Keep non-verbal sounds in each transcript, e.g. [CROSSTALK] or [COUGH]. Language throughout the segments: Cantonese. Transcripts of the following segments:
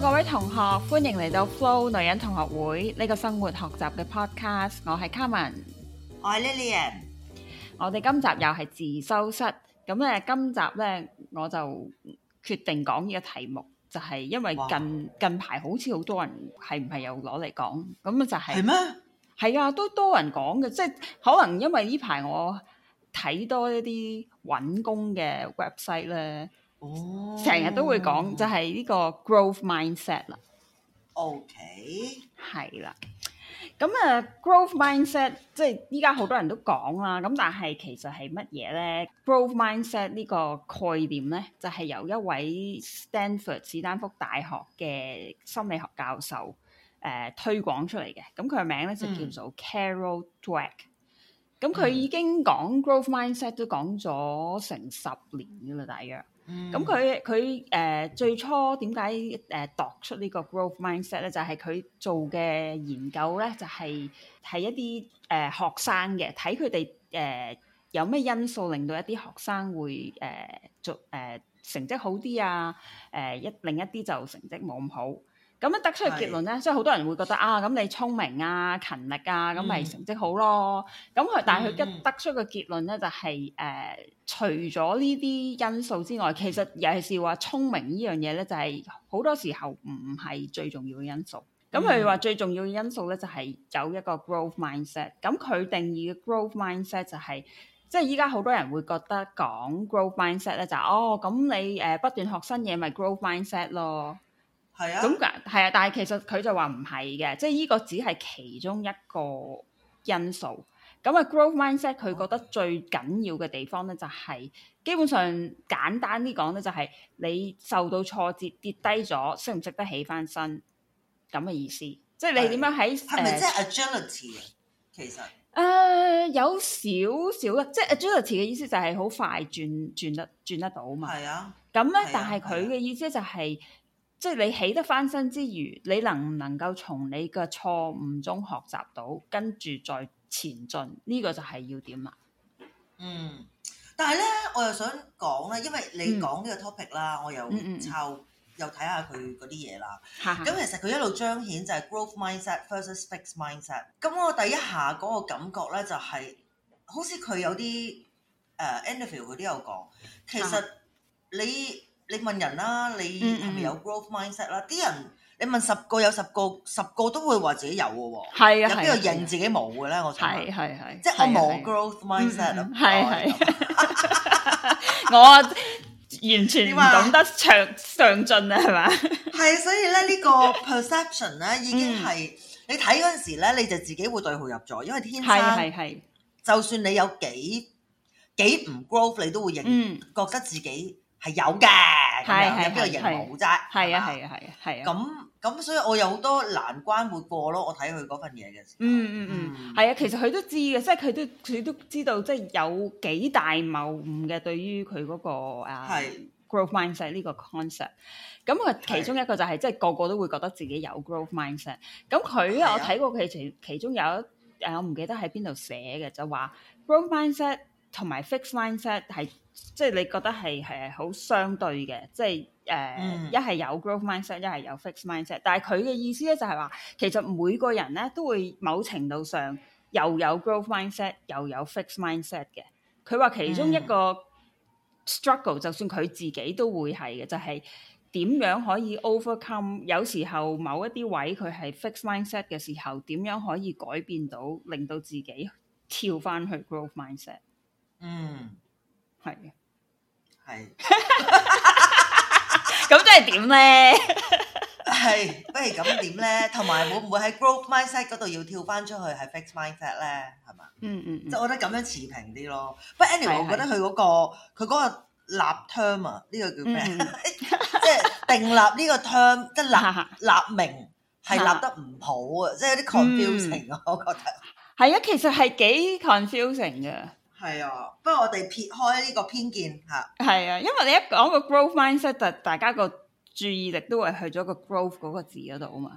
各位同學，歡迎嚟到 Flo 女人同學會呢、這個生活學習嘅 podcast，我係 Carmen，我係 Lilian，我哋今集又係自修室，咁咧今集咧我就決定講呢個題目，就係、是、因為近哇近排好似好多人係唔係又攞嚟講，咁啊就係、是，係咩嗎？係啊，都多人講嘅，即係可能因為呢排我睇多一啲揾工嘅 website 咧。成日、哦、都會講，就係呢個 growth mindset 啦。OK，係啦。咁啊，growth mindset 即係依家好多人都講啦。咁但係其實係乜嘢咧？growth mindset 呢個概念咧，就係、是、由一位 Stanford ・斯坦福大學嘅心理學教授誒、呃、推廣出嚟嘅。咁佢嘅名咧就叫做 Carol D、嗯、weck。咁佢已經講 growth mindset 都講咗成十年㗎啦，大約。咁佢佢誒最初點解誒度出呢個 growth mindset 咧？就係、是、佢做嘅研究咧，就係、是、係一啲誒、呃、學生嘅，睇佢哋誒有咩因素令到一啲學生會誒、呃、做誒、呃、成績好啲啊？誒、呃、一另一啲就成績冇咁好。咁樣得出嘅結論咧，是即係好多人會覺得啊，咁你聰明啊、勤力啊，咁咪成績好咯。咁佢、嗯、但係佢一得出嘅結論咧、就是，就係誒，除咗呢啲因素之外，其實尤其是話聰明呢樣嘢咧，就係好多時候唔係最重要嘅因素。咁佢、嗯、如話最重要嘅因素咧，就係有一個 growth mindset。咁佢定義嘅 growth mindset 就係、是，即係依家好多人會覺得講 growth mindset 咧、就是，就係哦，咁你誒不斷學新嘢，咪 growth mindset 咯。咁嘅係啊，但係其實佢就話唔係嘅，即係呢個只係其中一個因素。咁啊，growth mindset 佢覺得最緊要嘅地方咧，就係、是、基本上簡單啲講咧，就係你受到挫折跌低咗，識唔識得起翻身咁嘅意思。即係你點樣喺？係咪即係 agility 啊？是是是 Ag 其實誒、呃、有少少嘅，即係 agility 嘅意思就係好快轉轉得轉得到嘛。係啊。咁咧樣，啊、但係佢嘅意思就係、是。即係你起得翻身之餘，你能唔能夠從你嘅錯誤中學習到，跟住再前進？呢、這個就係要點啊？嗯，但係咧，我又想講咧，因為你講呢個 topic 啦、嗯，我又抄、嗯嗯、又睇下佢嗰啲嘢啦。咁、嗯嗯、其實佢一路彰顯就係 growth mindset versus fixed mindset。咁我第一下嗰個感覺咧、就是，就係好似佢有啲誒，interview 佢都有講，其實你。嗯嗯你問人啦，你係咪有 growth mindset 啦？啲人你問十個有十個，十個都會話自己有嘅喎。係啊，有邊度認自己冇嘅咧？我睇，係係，即係我冇 growth mindset 咯。係係，我完全唔懂得上上進啊，係咪？係啊，所以咧呢個 perception 咧已經係你睇嗰陣時咧，你就自己會對號入座，因為天生係係就算你有幾幾唔 growth，你都會認覺得自己。係有嘅，咁樣有邊個認冇齋？係啊係啊係啊係啊！咁咁，所以我有好多難關會過咯。我睇佢嗰份嘢嘅時候，嗯嗯嗯，係啊，其實佢都知嘅，即係佢都佢都知道，即係有幾大謬誤嘅對於佢嗰個啊係 growth mindset 呢個 concept。咁啊，其中一個就係即係個個都會覺得自己有 growth mindset。咁佢我睇過佢其其中有一誒，我唔記得喺邊度寫嘅，就話 growth mindset。同埋，fixed mindset 係即係你覺得係係好相對嘅，即係誒一係有 growth mindset，一係有 fixed mindset。但係佢嘅意思咧就係話其實每個人咧都會某程度上又有 growth mindset，又有 fixed mindset 嘅。佢話其中一個 struggle，mm. 就算佢自己都會係嘅，就係、是、點樣可以 overcome。有時候某一啲位佢係 fixed mindset 嘅時候，點樣可以改變到令到自己跳翻去 growth mindset。嗯，係嘅是，係。 [LAUGHS] [LAUGHS] 咁即係點咧？係，不如咁點咧？同埋會唔會喺 growth mindset 嗰度要跳翻出去係 fix mindset 咧？係嘛？嗯嗯即係我覺得咁樣持平啲咯。不過 anyway，是是我覺得佢嗰、那個佢嗰個立 term 啊，呢、這個叫咩？即係、嗯、 [LAUGHS] [LAUGHS] 定立呢個 term，即係立立名係立得唔好啊，即係、嗯、有啲 confusing 啊，我覺得。係啊、嗯，其實係幾 confusing 嘅。係啊，不過我哋撇開呢個偏見吓，係啊，因為你一講個 growth mindset，大家個注意力都會去咗個 growth 嗰個字嗰度啊嘛。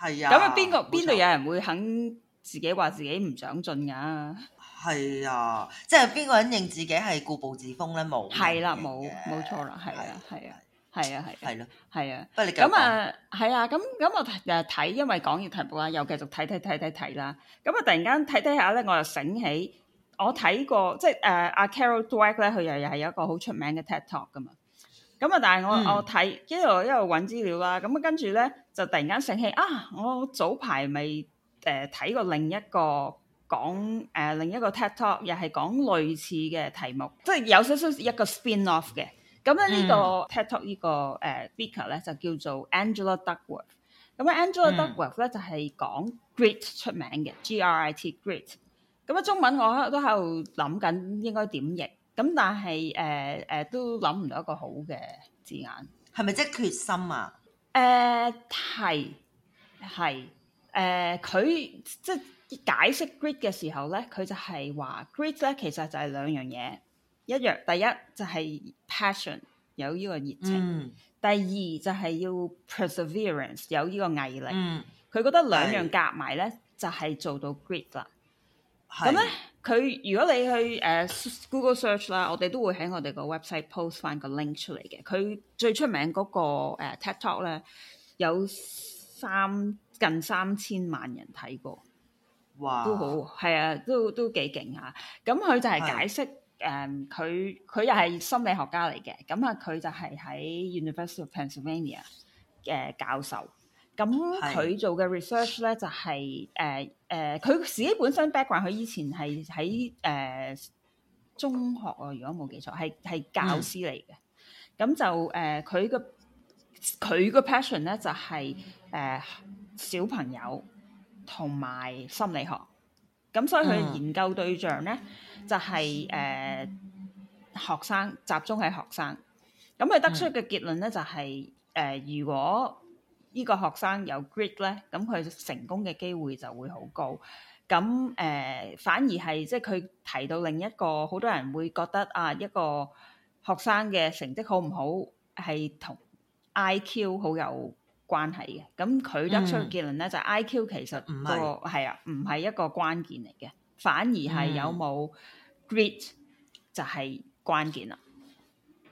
係啊，咁啊邊個邊度有人會肯自己話自己唔長進噶？係啊，即係邊個肯認自己係固步自封咧？冇，係啦，冇，冇錯啦，係啊，係啊，係啊，係，係咯，係啊。咁啊，係啊，咁咁我誒睇，因為講完題目啊，又繼續睇睇睇睇睇啦。咁啊，突然間睇睇下咧，我又醒起。我睇過，即係誒阿 Carol Dweck 咧，佢又又係一個好出名嘅 TED Talk 噶嘛。咁啊，但係、嗯、我我睇一路一路揾資料啦，咁啊跟住咧就突然間醒起，啊我早排咪誒睇過另一個講誒、呃、另一個 TED Talk，又係講類似嘅題目，即係有少少一個 spin off 嘅。咁、嗯、咧、這個呃、呢個 TED Talk 呢個誒 speaker 咧就叫做 Angela Duckworth。咁啊 Angela Duckworth 咧、嗯、就係講 grit 出名嘅 G R I T grit。咁啊，中文我都喺度諗緊應該點譯，咁但係誒誒都諗唔到一個好嘅字眼，係咪即係決心啊？誒、呃，係係誒，佢、呃、即係解釋 Grit 嘅時候咧，佢就係話 Grit 咧，其實就係兩樣嘢一樣，第一就係 passion 有呢個熱情，嗯、第二就係要 perseverance 有呢個毅力。佢、嗯、覺得兩樣夾埋咧，唉就係做到 Grit 啦。咁咧，佢如果你去誒、呃、Google search 啦，我哋都會喺我哋個 website post 翻個 link 出嚟嘅。佢最出名嗰、那個誒、呃、TED Talk 咧，有三近三千萬人睇過，哇！都好，係啊，都都幾勁啊！咁佢就係解釋誒佢佢又係心理學家嚟嘅。咁啊，佢就係喺 University of Pennsylvania 嘅教授。咁佢、嗯、做嘅 research 咧就係誒誒，佢、呃呃、自己本身 background，佢以前係喺誒中學，啊，如果冇記錯係係教師嚟嘅。咁、嗯、就誒佢、呃、個佢個 passion 咧就係、是、誒、呃、小朋友同埋心理學。咁所以佢研究對象咧就係、是、誒、呃、學生，集中喺學生。咁佢得出嘅結論咧就係、是、誒、呃、如果。呢個學生有 grit 咧，咁佢成功嘅機會就會好高。咁誒、呃，反而係即係佢提到另一個，好多人會覺得啊，一個學生嘅成績好唔好係同 IQ 好有關係嘅。咁佢得出嘅結論咧，就係、IQ 其實唔、那、係、個，係啊是，唔係一個關鍵嚟嘅，反而係有冇 grit、嗯、就係關鍵啦。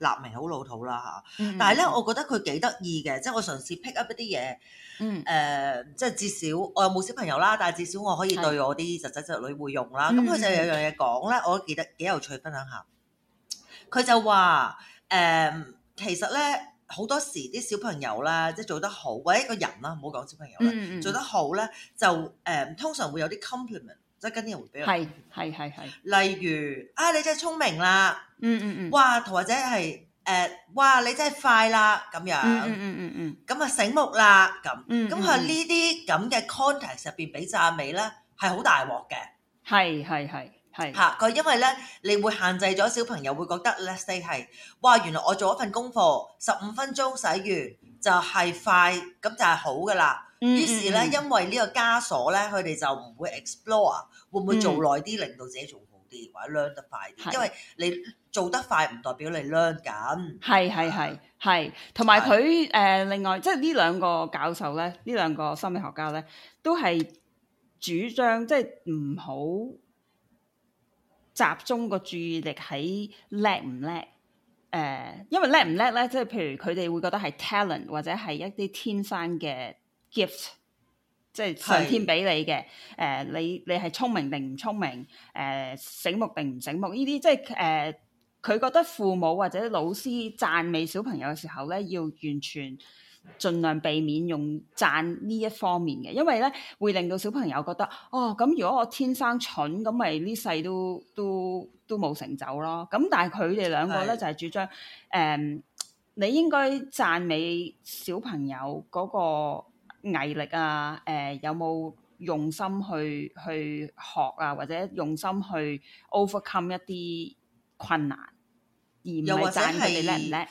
立明好老土啦嚇，但係咧、mm hmm. 我覺得佢幾得意嘅，即係我嘗試 pick up 一啲嘢，誒、mm hmm. 呃、即係至少我又冇小朋友啦，但係至少我可以對我啲侄仔侄女會用啦。咁佢、mm hmm. 就有樣嘢講咧，我都記得幾有趣，分享下。佢就話誒、呃，其實咧好多時啲小朋友咧，即係做得好，或者一個人啦，唔好講小朋友啦，mm hmm. 做得好咧就誒、呃，通常會有啲 compliment。即係跟啲人回報，係係係係。例如啊，你真係聰明啦、嗯，嗯嗯嗯，哇，或者係誒、呃，哇，你真係快啦，咁樣，嗯嗯嗯咁啊、嗯、醒目啦，咁，咁佢、嗯嗯、呢啲咁嘅 context 入邊俾讚美咧，係好大鑊嘅，係係係係。嚇，佢因為咧，你會限制咗小朋友會覺得，let's say 係，哇，原來我做一份功課十五分鐘洗完就係、是、快，咁就係好噶啦。於是咧，因為呢個枷鎖咧，佢哋就唔會 explore，會唔會做耐啲，嗯、令到自己仲好啲，或者 learn 得快啲？是因為你做得快唔代表你 learn 緊。係係係係，同埋佢誒另外，即係呢兩個教授咧，呢兩個心理學家咧，都係主張即係唔好集中個注意力喺叻唔叻。誒、呃，因為叻唔叻咧，即係譬如佢哋會覺得係 talent 或者係一啲天生嘅。Gift 即係上天俾你嘅，誒是、uh,，你你係聰明定唔聰明，誒、uh,，醒目定唔醒目？呢啲即係誒，佢、uh, 覺得父母或者老師讚美小朋友嘅時候咧，要完全盡量避免用讚呢一方面嘅，因為咧會令到小朋友覺得，哦，咁如果我天生蠢，咁咪呢世都都都冇成就咯。咁但係佢哋兩個咧是就係主張，誒、um,，你應該讚美小朋友嗰、那個。毅力啊，誒、呃，有冇用心去去學啊，或者用心去 overcome 一啲困難，而唔係讚你叻唔叻，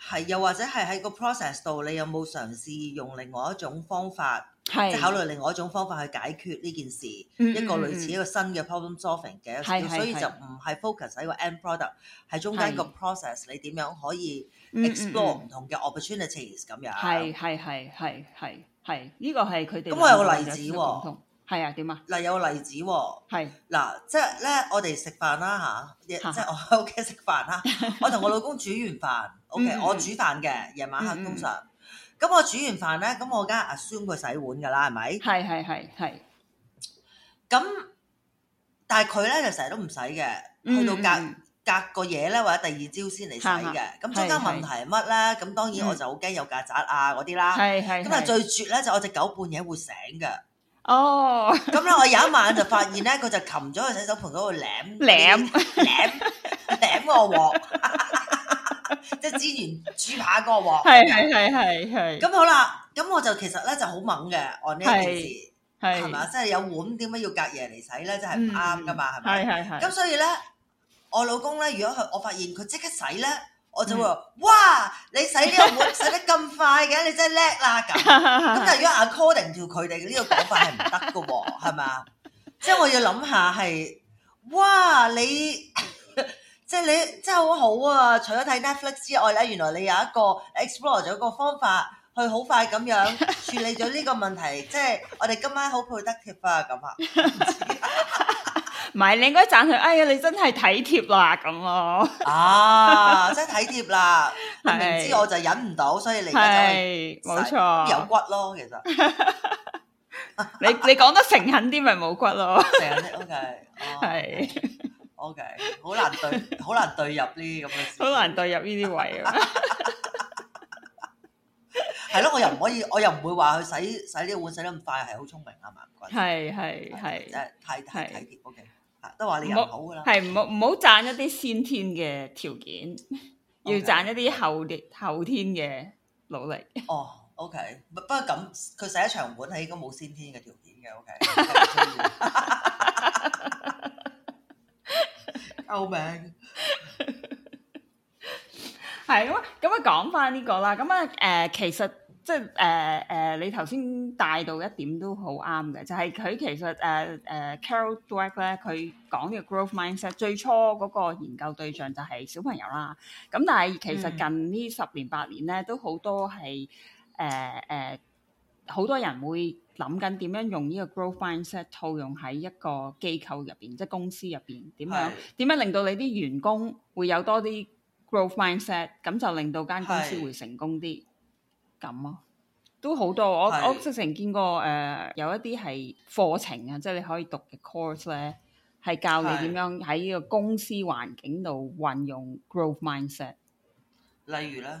係又或者係喺個 process 度，你有冇嘗試用另外一種方法？係考慮另外一種方法去解決呢件事，一個類似一個新嘅 problem solving 嘅，所以就唔係 focus 喺個 end product，係中間個 process，你點樣可以 explore 唔同嘅 opportunities 咁樣。係係係係係係，呢個係佢哋。咁我有個例子喎，係啊，點啊？嗱，有有個例子喎，係嗱，即係咧，我哋食飯啦吓，即係我喺屋企食飯啦，我同我老公煮完飯，OK，我煮飯嘅夜晚黑通常。咁我煮完飯咧，咁我梗係 assume 佢洗碗噶啦，係咪？係係係係。咁，但係佢咧就成日都唔洗嘅，去到隔隔個嘢咧，或者第二朝先嚟洗嘅。咁中間問題係乜咧？咁當然我就好驚有曱甴啊嗰啲啦。係係。咁啊最絕咧就我隻狗半夜會醒嘅。哦。咁咧我有一晚就發現咧，佢就擒咗去洗手盆嗰度舐舐舐舐個鑊。 [NOISE] 即係煎完豬扒嗰個鑊，係係係。咁好啦，咁我就其實咧就好猛嘅，我呢件事係嘛的的，即係有碗點解要隔夜嚟洗咧？就係唔啱噶嘛，係咪？係係係。咁所以咧，我老公咧，如果佢我發現佢即刻洗咧，我就會話，哇，你洗呢個碗洗得咁快嘅，你真係叻啦！咁咁，但係如果 according 住佢哋呢個講法係唔得嘅喎，係嘛？即係我要諗下係，哇，你。即係你真係好好啊！除咗睇 Netflix 之外咧，原來你有一個 explore 咗個方法，去好快咁樣處理咗呢個問題。即係我哋今晚好 productive 啊！咁啊，唔係 [LAUGHS] [LAUGHS] 你應該讚佢。哎呀，你真係體貼啦咁啊！ [LAUGHS] 啊，真體貼啦！是明知我就忍唔到，所以你而家就係冇錯有骨咯。其實 [LAUGHS] 你你講得誠懇啲，咪冇骨咯。誠懇啲，O K，係。Okay, 哦 O K，好難對，好難對入呢咁嘅好難對入呢啲位啊，係 [LAUGHS] 咯， [LAUGHS] [LAUGHS] 我又唔可以，我又唔會話佢洗洗呢個碗洗得咁快，係好聰明啊嘛，唔怪，係係係，即係太太體 O K，都話你唔好噶啦，係唔好唔好讚一啲先天嘅條件， [LAUGHS] 要讚一啲後後天嘅努力。哦，O K，不過咁佢洗一場碗係應該冇先天嘅條件嘅。O K。歐名，係咁啊，咁、嗯、啊，講翻呢個啦，咁啊，誒，其實即係誒誒，你頭先帶到一點都好啱嘅，就係、是、佢其實誒誒，Carol Dweck 咧，佢講嘅 growth mindset，最初嗰個研究對象就係小朋友啦，咁、嗯嗯、但係其實近呢十年八年咧，都好多係誒誒，好、嗯呃、多人會。諗緊點樣用呢個 growth mindset 套用喺一個機構入邊，即係公司入邊點樣點是樣令到你啲員工會有多啲 growth mindset，咁就令到間公司會成功啲咁咯。都好多我是我之前見過誒、呃，有一啲係課程啊，即係你可以讀嘅 course 咧，係教你點樣喺呢個公司環境度運用 growth mindset。例如咧。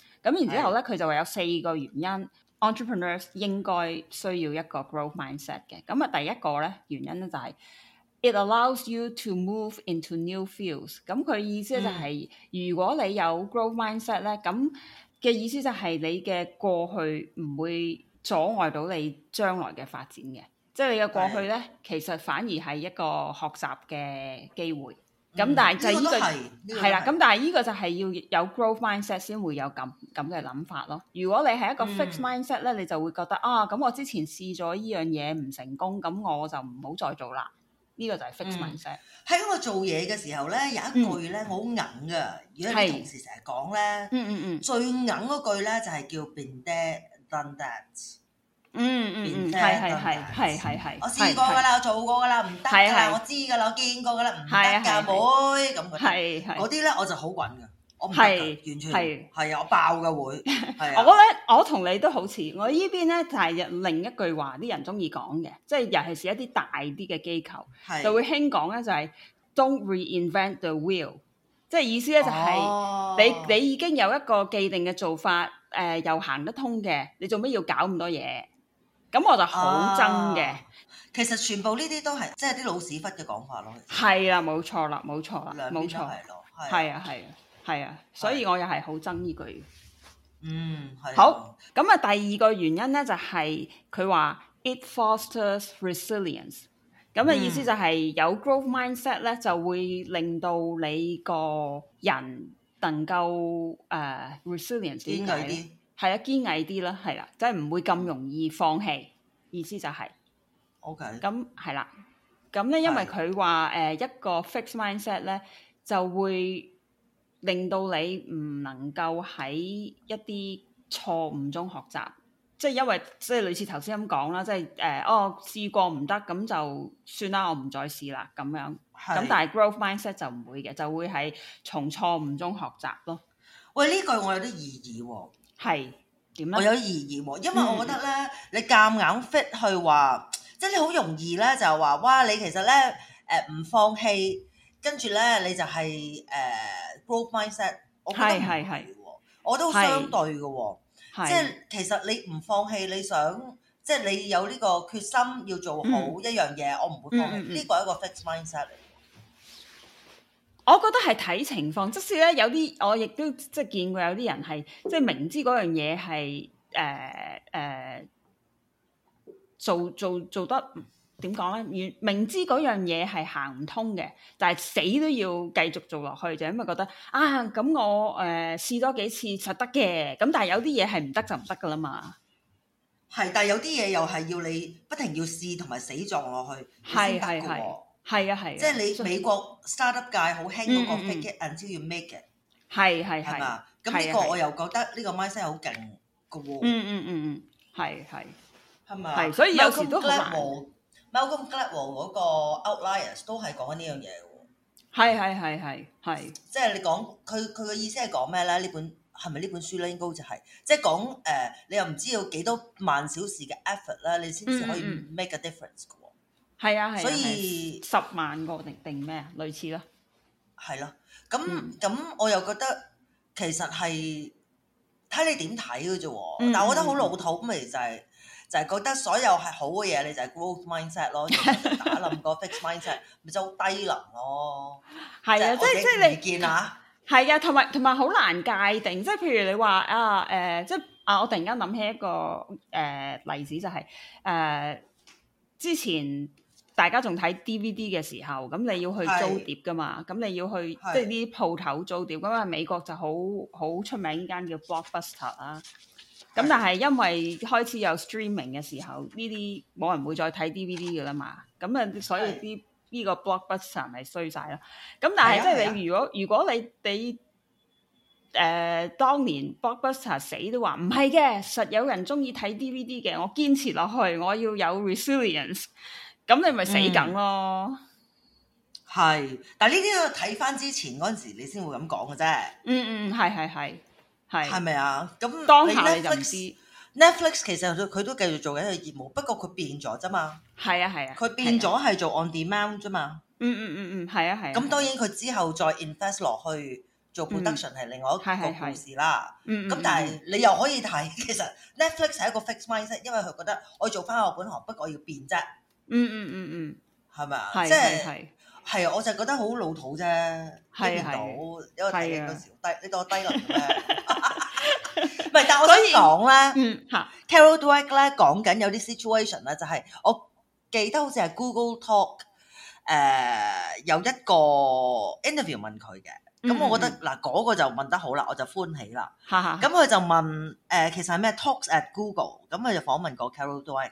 咁然之後咧，佢的就話有四個原因 [NOISE] ，entrepreneurs 應該需要一個 growth mindset 嘅。咁啊，第一個咧，原因咧就係、是、it allows you to move into new fields。咁佢意思咧就係、是，嗯、如果你有 growth mindset 咧，咁嘅意思就係你嘅過去唔會阻礙到你將來嘅發展嘅。即係你嘅過去咧，的其實反而係一個學習嘅機會。咁、嗯、但係就係依、這個係啦，咁、這個、但係依個就係要有 growth mindset 先會有咁咁嘅諗法咯。如果你係一個 fixed mindset 咧、嗯，你就會覺得啊，咁我之前試咗依樣嘢唔成功，咁我就唔好再做啦。呢、這個就係 fixed mindset。喺、嗯、我做嘢嘅時候咧，有一句咧好硬嘅，嗯、如果係同事成日講咧，嗯嗯嗯，最硬嗰句咧就係叫 “been there done that”。嗯嗯嗯，係係係係係係，我試過噶啦，我做過噶啦，唔得噶啦，我知噶啦，我見過噶啦，唔得噶，妹咁。係嗰啲咧，我就好滾噶，我唔係完全係係啊，我爆噶會。我覺得，我同你都好似，我依邊咧就係另一句話，啲人中意講嘅，即係尤其是一啲大啲嘅機構，就會興講咧就係，don't reinvent the wheel，即係意思咧就係，你你已經有一個既定嘅做法，誒又行得通嘅，你做咩要搞咁多嘢？咁我就好憎嘅，其實全部呢啲都係即係啲老屎忽嘅講法咯。係啦、啊，冇錯啦，冇錯啦，冇兩邊 錯係咯，係啊，係啊，係啊，啊啊所以我又係好憎呢句。嗯，啊、好。咁啊，第二個原因呢，就係佢話 It fosters resilience。咁嘅意思就係、是嗯、有 growth mindset 呢，就會令到你個人能夠誒、uh, resilience 點。毅係啊，堅毅啲啦，係啦，即係唔會咁容易放棄。意思就係、是、OK 咁係啦。咁咧，因為佢話誒一個 fixed mindset 咧，就會令到你唔能夠喺一啲錯誤中學習。即係因為即係類似頭先咁講啦，即係誒、呃、哦試過唔得咁就算啦，我唔再試啦咁樣。咁的但係 growth mindset 就唔會嘅，就會喺從錯誤中學習咯。喂，呢句我有啲異議喎、啊。係點我有疑義喎，因為我覺得咧，嗯、你夾硬,硬 fit 去話，即係你好容易咧就話哇，你其實咧誒唔放棄，跟住咧你就係誒 growth mindset、哦。係係係，我都相對嘅、哦，係係即係其實你唔放棄，你想即係你有呢個決心要做好一樣嘢，嗯、我唔會放棄呢、嗯嗯、個一個 fixed mindset。嚟。我覺得係睇情況，即使咧有啲，我亦都即係見過有啲人係即係明知嗰樣嘢係誒誒做做做得點講咧？明知嗰樣嘢係行唔通嘅，但係死都要繼續做落去，就因為覺得啊，咁我誒試、呃、多幾次實得嘅。咁但係有啲嘢係唔得就唔得㗎喇嘛。係，但係有啲嘢又係要你不停要試同埋死撞落去先得嘅。係啊係，啊即係你美國 startup 界好興嗰個 fake it until you make 嘅，係係係嘛，咁呢吧是個我又覺得呢個 mindset 好勁嘅喎，嗯嗯嗯嗯，係係係嘛，吧所以有時都 Malcolm Gladwell 嗰個 Outliers 都係講緊呢樣嘢喎，係係係係係，即係你講佢佢嘅意思係講咩咧？呢本係咪呢本書咧？應該就係，即係講誒，你又唔知道幾多萬小時嘅 effort 啦，你先至可以 make a difference，嗯。嗯係啊，啊所以、啊、十萬個定定咩啊？類似咯，係咯、啊。咁咁，我又覺得其實係睇你點睇嘅啫。但係我覺得好老土咁咪就係、是、就係、是、覺得所有係好嘅嘢，你就係、是、growth mindset 咯，打冧個 fixed mindset 咪 [LAUGHS] 就好低能咯。係啊，即係即係你見啊？係啊，同埋同埋好難界定。即係譬如你話啊，誒、呃，即係啊，我突然間諗起一個誒、呃、例子就係、是、誒、呃、之前。大家仲睇 DVD 嘅時候，咁你要去租碟噶嘛？咁是你要去是即係啲鋪頭租碟。咁啊，美國就好好出名依間叫 Blockbuster 啊。咁是但係因為開始有 streaming 嘅時候，呢啲冇人會再睇 DVD 噶啦嘛。咁啊，所以啲依個 Blockbuster 係衰晒咯。咁但係即係你如果如果，如果你你誒、呃、當年 Blockbuster 死都話唔係嘅，實有人中意睇 DVD 嘅，我堅持落去，我要有 resilience。咁你咪死梗咯，係、嗯，但係呢啲要睇翻之前嗰陣時你，你先會咁講嘅啫。嗯嗯，係係係係，係咪啊？咁當下你 Netflix 其實佢都繼續做緊嘅業務，不過佢變咗啫嘛。係啊係啊，佢、啊、變咗係做 on demand 啫嘛。嗯嗯嗯嗯，係啊係。咁、啊啊啊、當然佢之後再 invest 落去做 production 係、嗯、另外一個故事啦。是是是嗯。咁但係你又可以睇，其實 Netflix 係一個 fixed mindset，因為佢覺得我做翻我本行，不過我要變啫。嗯嗯嗯嗯，係咪啊？即係係啊！我就覺得好老土啫，聽唔到，因為第一嗰時低呢個低能咩？唔係，但我想講咧，Carol Dweck 咧講緊有啲 situation 咧，就係我記得好似係 Google Talk，誒有一個 interview 問佢嘅，咁我覺得嗱嗰個就問得好啦，我就歡喜啦。咁佢就問誒，其實係咩 Talks at Google？咁佢就訪問過 Carol Dweck。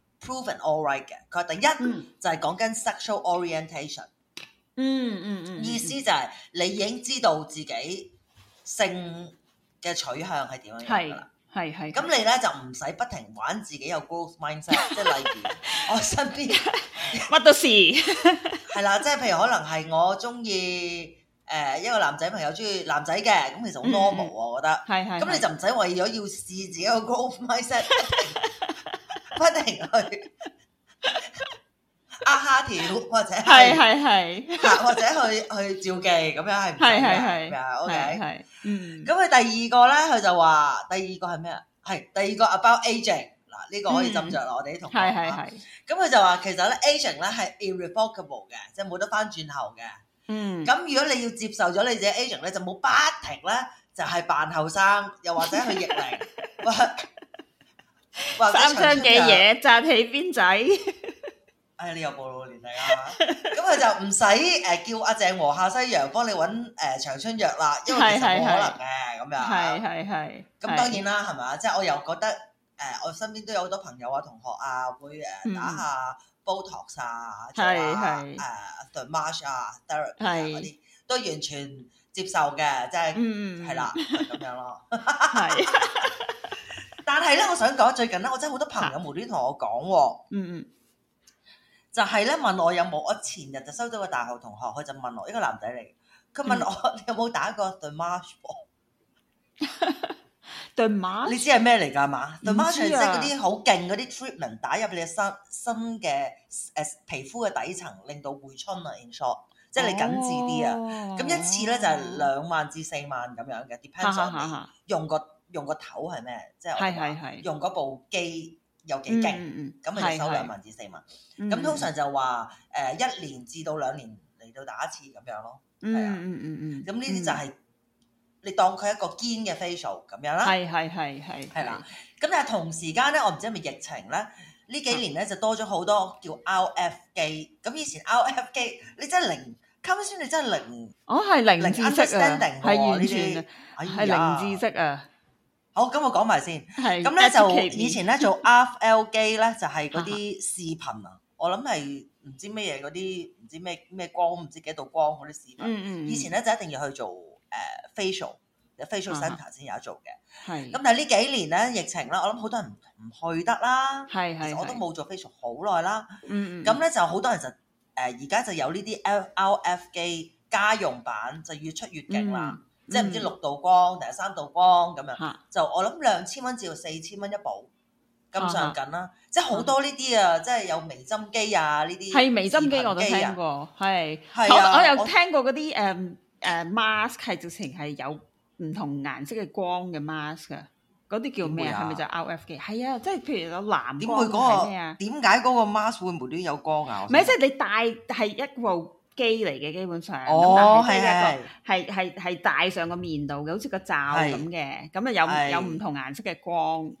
proven all right 嘅，佢話第一就係講緊 sexual orientation，嗯嗯嗯，意思就係你已經知道自己性嘅取向係點樣樣噶啦，係係，咁你咧就唔使不停玩自己有 growth mindset，即係例如我身邊乜都試，係啦，即係譬如可能係我中意誒一個男仔朋友中意男仔嘅，咁其實好 normal，我覺得係係，咁你就唔使為咗要試自己個 growth mindset。不停去壓下調，或者係係係，或者去去照記咁樣係係係，係 OK 係。嗯，咁佢第二個咧，佢就話第二個係咩啊？係第二個 about ageing 嗱，呢個可以斟酌咯。我哋啲同學係係係。咁佢就話其實咧，aging 咧係 irreversible 嘅，即係冇得翻轉頭嘅。嗯。咁如果你要接受咗你自己 aging 咧，就冇不停咧，就係扮後生，又或者去逆齡。三張嘅嘢，紮起邊仔， [LAUGHS] 哎，你有暴露年齡啊？咁佢就唔使誒叫阿鄭和下西洋幫你搵誒長春藥啦，因為其實冇可能嘅咁樣。係係係。咁、嗯、當然啦，係嘛？即係我又覺得誒、呃，我身邊都有好多朋友啊、同學啊，會誒打下 Botox 啊，即係話誒 Dermasha Therapy 啊嗰啲、啊是，都完全接受嘅，即係係啦咁樣咯。係。但係咧，我想講最近咧，我真係好多朋友無端同我講、啊，嗯嗯，就係咧問我有冇？我前日就收到個大學同學，佢就問我一個男仔嚟，佢問我、嗯、你有冇打過對馬波？對馬，你知係咩嚟㗎嘛？對馬、啊，就係嗰啲好勁嗰啲 treatment 打入你嘅新新嘅誒皮膚嘅底層，令到回春啊 in short 即係你緊緻啲啊。咁、哦、一次咧就係、是、兩萬至四萬咁樣嘅，depends on 用個。用個頭係咩？即係用嗰部機有幾勁？咁咪收兩萬至四萬。咁通常就話誒一年至到兩年嚟到打一次咁樣咯。嗯嗯嗯嗯。咁呢啲就係你當佢一個堅嘅 facial 咁樣啦。係係係係係啦。咁但係同時間咧，我唔知係咪疫情咧？呢幾年咧就多咗好多叫 RF 機。咁以前 RF 機你真係零，啱先你真係零。哦，係零知識啊，係完全係零知識啊。好，咁我講埋先。咁咧是就以前咧 [LAUGHS] 做 RFL 機咧，就係嗰啲視頻啊。 [LAUGHS] 我諗係唔知咩嘢嗰啲，唔知咩咩光，唔知幾多度光嗰啲視頻，嗯。嗯嗯。以前咧就一定要去做誒，呃、facial，facial facial center 先有得做嘅。係，啊。咁但係呢幾年咧，疫情啦，我諗好多人唔唔去得啦。係係。其實我都冇做 facial 好耐啦，嗯。嗯嗯。咁咧就好多人就誒，而、呃、家就有呢啲 f l f 機家用版，就越出越勁啦。嗯嗯即係唔知六道光定係三道光咁樣，就我諗兩千蚊至到四千蚊一部，咁上緊啦。即係好多呢啲啊，即係有微針機啊呢啲，係微針機我都聽過，係。我我有聽過嗰啲誒誒 mask 係直情係有唔同顏色嘅光嘅 mask 噶嗰啲叫咩啊？係咪就 R F 機？係啊，即係譬如有藍光。點會嗰個？點解嗰個 mask 會無端有光嘅？唔係即係你戴係一部。機嚟嘅基本上，咁但係即係一個係係戴上個面度嘅，好似個罩咁嘅，咁啊是是 有是是有唔同顏色嘅光。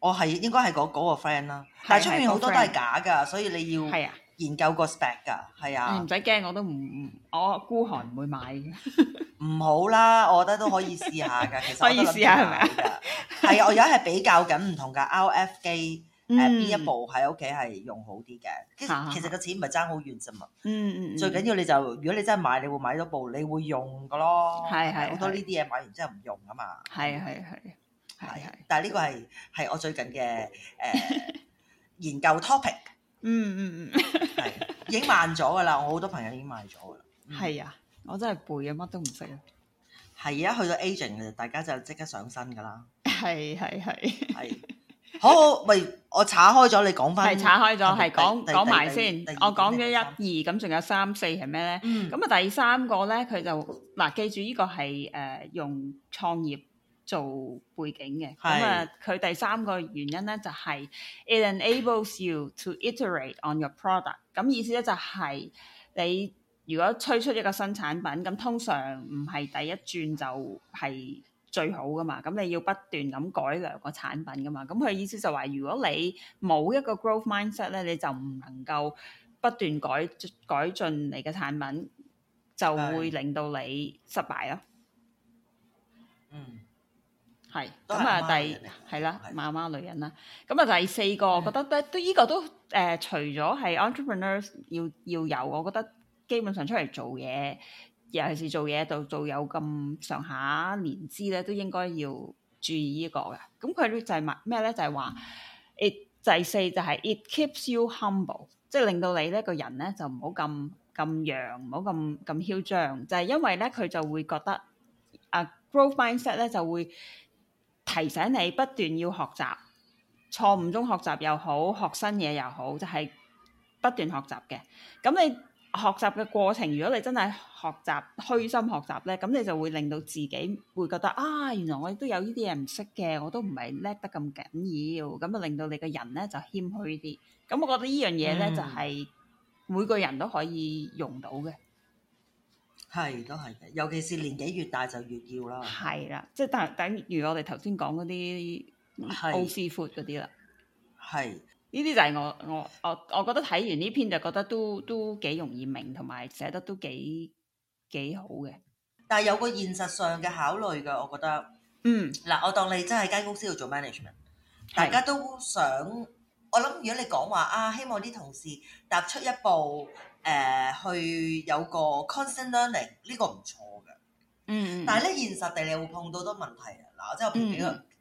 我係應該係嗰嗰個 friend 啦，是是但係出面好多都係假噶，是是所以你要研究個 spec 噶，係啊。唔使驚，我都唔唔，我孤寒唔會買。唔 [LAUGHS] 好啦，我覺得都可以試下噶，其實我可以試下係咪啊？係 [LAUGHS] 啊， [LAUGHS] 我而家係比較緊唔同嘅 RF 機。誒邊一部喺屋企係用好啲嘅，其實個錢唔係爭好遠啫嘛。嗯嗯 [NOISE] 最緊要你就是、如果你真係買，你會買咗部，你會用嘅咯。係係。好多呢啲嘢買完之後唔用㗎嘛。係係係。係係。但係呢個係係我最近嘅誒、呃、 [LAUGHS] 研究 topic。嗯嗯嗯。係， [NOISE] 已經慢咗㗎啦。我好多朋友已經賣咗㗎啦。係、嗯、啊，我真係背啊，乜都唔識啊。係而家去到 aging 大家就即刻上身㗎啦。係係係。係。好，好，喂，我拆開咗，你講翻。係拆開咗，係講講埋先。我講咗一二，咁仲有三四係咩咧？咁啊，第三個咧，佢就嗱、啊，記住呢個係誒、呃、用創業做背景嘅。咁啊，佢第三個原因咧就係、是、It enables you to iterate on your product。咁意思咧就係、是、你如果推出一個新產品，咁通常唔係第一轉就係、是。最好噶嘛，咁你要不斷咁改良個產品噶嘛，咁佢意思就話如果你冇一個 growth mindset 咧，你就唔能夠不斷改改進你嘅產品，就會令到你失敗咯。嗯，係。咁啊，第係啦，媽媽女人啦。咁啊，第四個我覺得咧，都依個都誒，除咗係 entrepreneurs 要要有，我覺得基本上出嚟做嘢。尤其是做嘢做做有咁上下年資咧，都應該要注意個、嗯就是、呢個嘅。咁佢咧就係乜咩咧？就係、是、話，it 第四就係、是、it keeps you humble，即係令到你咧個人咧就唔好咁咁揚，唔好咁咁囂張。就係、是、因為咧佢就會覺得，啊 growth mindset 咧就會提醒你不斷要學習，錯誤中學習又好，學新嘢又好，就係、是、不斷學習嘅。咁你。學習嘅過程，如果你真係學習虛心學習咧，咁你就會令到自己會覺得啊，原來我都有呢啲嘢唔識嘅，我都唔係叻得咁緊要，咁啊令到你嘅人咧就謙虛啲。咁我覺得呢樣嘢咧就係每個人都可以用到嘅。係，都係嘅，尤其是年紀越大就越要啦。係啦，即係等等是，如我哋頭先講嗰啲奧斯富嗰啲啦。係。呢啲就係我我我我覺得睇完呢篇就覺得都都幾容易明，同埋寫得都幾幾好嘅。但係有個現實上嘅考慮㗎，我覺得，嗯，嗱，我當你真係間公司度做 management，是大家都想，我諗如果你講話啊，希望啲同事踏出一步，誒、呃，去有個 constant learning，呢個唔錯嘅，嗯，嗯，嗯，但係咧現實地你會碰到多問題，嗱，即係譬如。嗯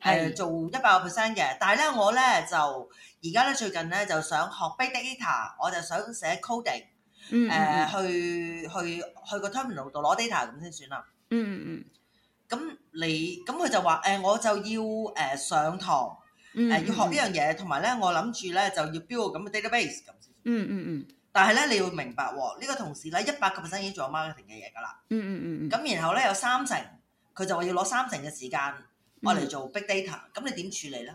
係做一百個 percent 嘅，但係咧我咧就而家咧最近咧就想學 big data，我就想寫 coding，誒去去去個 terminal 度攞 data 咁先算啦。嗯嗯嗯。咁你咁佢就話誒我就要誒上堂誒要學呢樣嘢，同埋咧我諗住咧就要 build 個咁嘅 database 咁先。嗯嗯嗯。但係咧你要明白喎，呢個同事咧一百個 percent 已經做咗 marketing 嘅嘢㗎啦。嗯嗯嗯咁然後咧有三成佢就話要攞三成嘅時間。我嚟做 big data，咁你點處理咧？